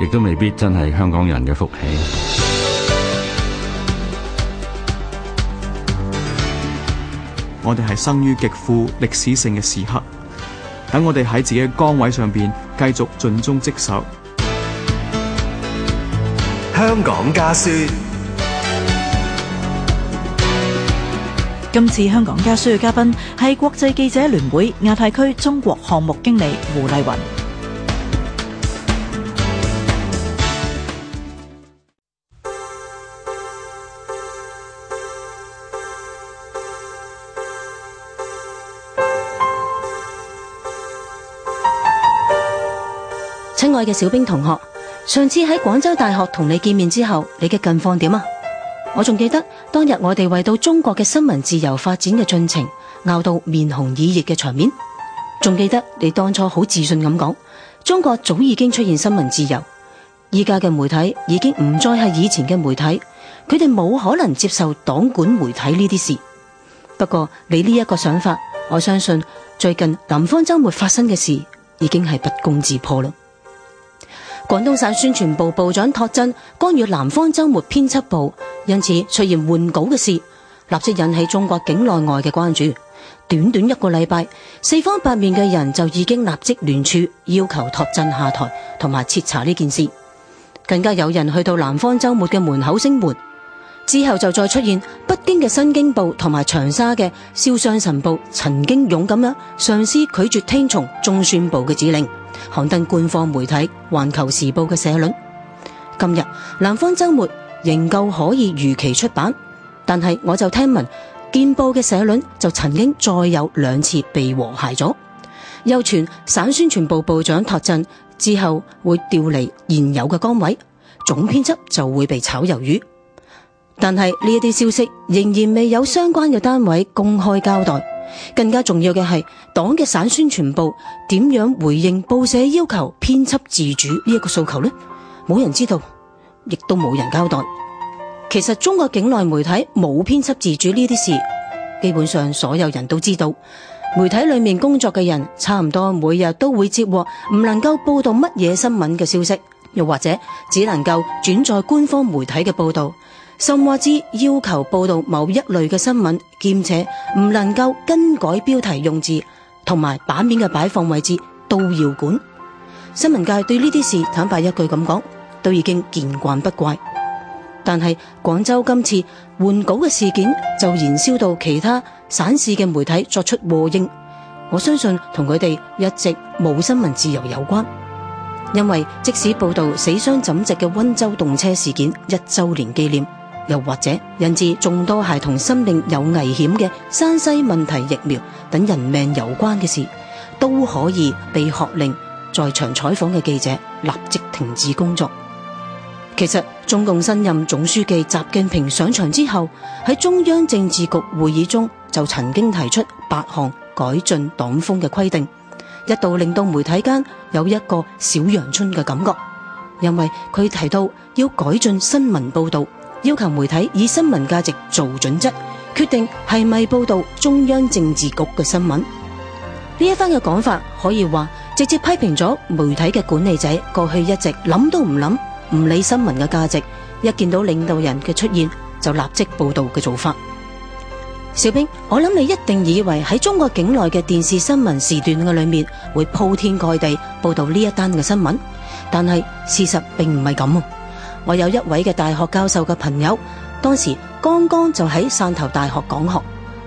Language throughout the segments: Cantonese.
亦都未必真係香港人嘅福氣。我哋係生於極富歷史性嘅時刻，等我哋喺自己嘅崗位上面繼續盡忠職守。香港家書。今次香港家書嘅嘉賓係國際記者聯會亞太區中國項目經理胡麗雲。親愛嘅小冰同學，上次喺廣州大學同你見面之後，你嘅近況點啊？我仲記得當日我哋為到中國嘅新聞自由發展嘅進程，拗到面紅耳熱嘅場面。仲記得你當初好自信咁講，中國早已經出現新聞自由，依家嘅媒體已經唔再係以前嘅媒體，佢哋冇可能接受黨管媒體呢啲事。不過你呢一個想法，我相信最近南方周末發生嘅事已經係不攻自破啦。廣東省宣傳部部長庹震干預《南方周末》編輯部，因此出現換稿嘅事，立即引起中國境內外嘅關注。短短一個禮拜，四方八面嘅人就已經立即聯署要求庹震下台，同埋徹查呢件事。更加有人去到《南方周末》嘅門口聲援。之後就再出現北京嘅《新京報》同埋長沙嘅《瀟湘晨報》曾經勇敢咁，上司拒絕聽從中宣部嘅指令刊登官方媒體《環球時報》嘅社論，今日《南方週末》仍舊可以如期出版，但係我就聽聞見報嘅社論就曾經再有兩次被和諧咗，又傳省宣傳部部長庹震之後會調離現有嘅崗位，總編輯就會被炒魷魚，但係呢一啲消息仍然未有相關嘅單位公開交代。更加重要嘅係，黨嘅省宣傳部點樣回應報社要求編輯自主呢一個訴求呢？冇人知道，亦都冇人交代。其實中國境內媒體冇編輯自主呢啲事，基本上所有人都知道。媒體裏面工作嘅人差唔多每日都會接獲唔能夠報道乜嘢新聞嘅消息，又或者只能夠轉載官方媒體嘅報道。甚至要求報道某一類嘅新聞，兼且唔能夠更改標題用字同埋版面嘅擺放位置都要管。新聞界對呢啲事坦白一句咁講，都已經見慣不怪。但係廣州今次換稿嘅事件就燃燒到其他省市嘅媒體作出和應，我相信同佢哋一直冇新聞自由有關。因為即使報道死傷枕藉嘅溫州動車事件一周年紀念。又或者引致眾多係同生命有危險嘅山西問題疫苗等人命有關嘅事，都可以被喝令在場採訪嘅記者立即停止工作。其實中共新任總書記習近平上場之後，喺中央政治局會議中就曾經提出八項改進黨風嘅規定，一度令到媒體間有一個小陽春嘅感覺，因為佢提到要改進新聞報道。要求媒體以新聞價值做準則，決定係咪報道中央政治局嘅新聞。呢一番嘅講法，可以話直接批評咗媒體嘅管理者過去一直諗都唔諗，唔理新聞嘅價值，一見到領導人嘅出現就立即報道嘅做法。小兵，我諗你一定以為喺中國境內嘅電視新聞時段嘅裏面，會鋪天蓋地報道呢一單嘅新聞，但係事實並唔係咁。我有一位嘅大學教授嘅朋友，當時剛剛就喺汕頭大學講學。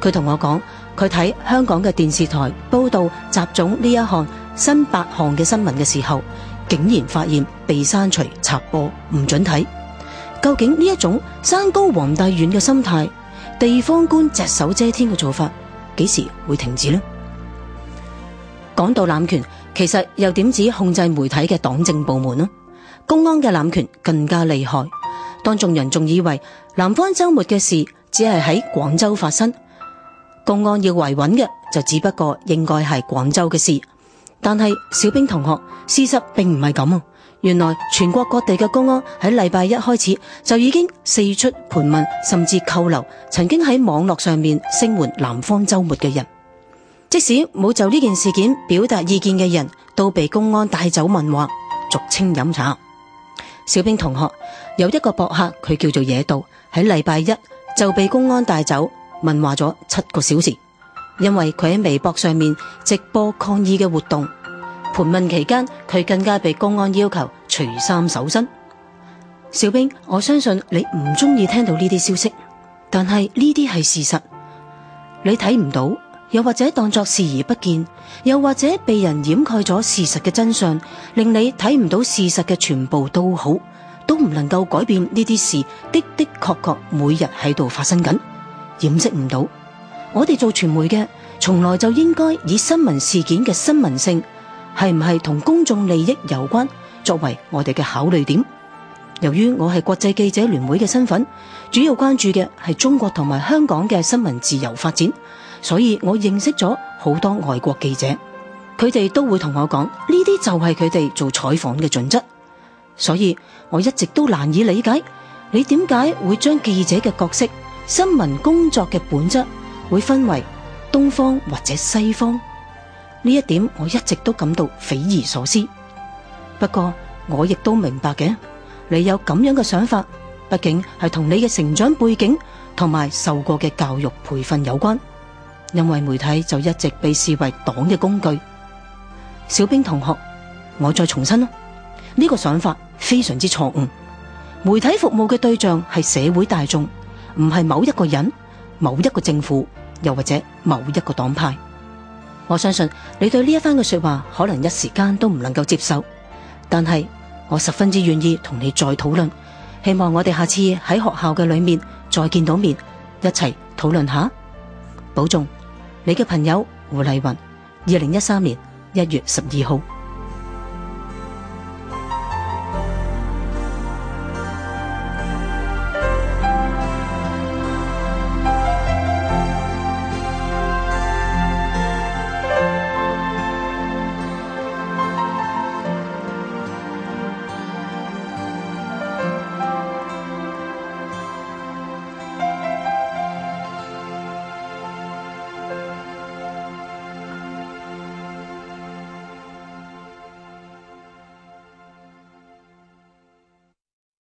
佢同我講，佢睇香港嘅電視台報道習總呢一項新八項嘅新聞嘅時候，竟然發現被刪除、插播，唔准睇。究竟呢一種山高皇帝遠嘅心態、地方官隻手遮天嘅做法，幾時會停止呢？講到濫權，其實又點止控制媒體嘅黨政部門呢？公安嘅濫權更加厲害。當眾人仲以為南方周末嘅事只係喺廣州發生，公安要維穩嘅就只不過應該係廣州嘅事，但係小兵同學，事實並唔係咁。原來全國各地嘅公安喺禮拜一開始就已經四出盤問，甚至扣留曾經喺網絡上面聲援南方周末嘅人。即使冇就呢件事件表達意見嘅人都被公安帶走問話，俗稱飲茶。小冰同學有一個博客，佢叫做野道，喺禮拜一就被公安帶走問話咗七個小時，因為佢喺微博上面直播抗議嘅活動。盤問期間，佢更加被公安要求除衫搜身。小冰，我相信你唔中意聽到呢啲消息，但係呢啲係事實，你睇唔到。又或者當作視而不見，又或者被人掩蓋咗事實嘅真相，令你睇唔到事實嘅全部都好，都唔能夠改變呢啲事的的確確每日喺度發生緊，掩飾唔到。我哋做傳媒嘅，從來就應該以新聞事件嘅新聞性，係唔係同公眾利益有關，作為我哋嘅考慮點。由於我係國際記者聯會嘅身份，主要關注嘅係中國同埋香港嘅新聞自由發展，所以我認識咗好多外國記者，佢哋都會同我講，呢啲就係佢哋做採訪嘅準則。所以我一直都難以理解你點解會將記者嘅角色、新聞工作嘅本質會分為東方或者西方。呢一點我一直都感到匪夷所思。不過我亦都明白嘅。你有咁樣嘅想法，畢竟係同你嘅成長背景同埋受過嘅教育培訓有關。因為媒體就一直被視為黨嘅工具。小兵同學，我再重申啦，呢個想法非常之錯誤。媒體服務嘅對象係社會大眾，唔係某一個人、某一個政府，又或者某一個黨派。我相信你對呢一番嘅說話，可能一時間都唔能夠接受，但係。我十分之願意同你再討論，希望我哋下次喺學校嘅裏面再見到面，一齊討論下。保重，你嘅朋友胡麗雲，二零一三年一月十二號。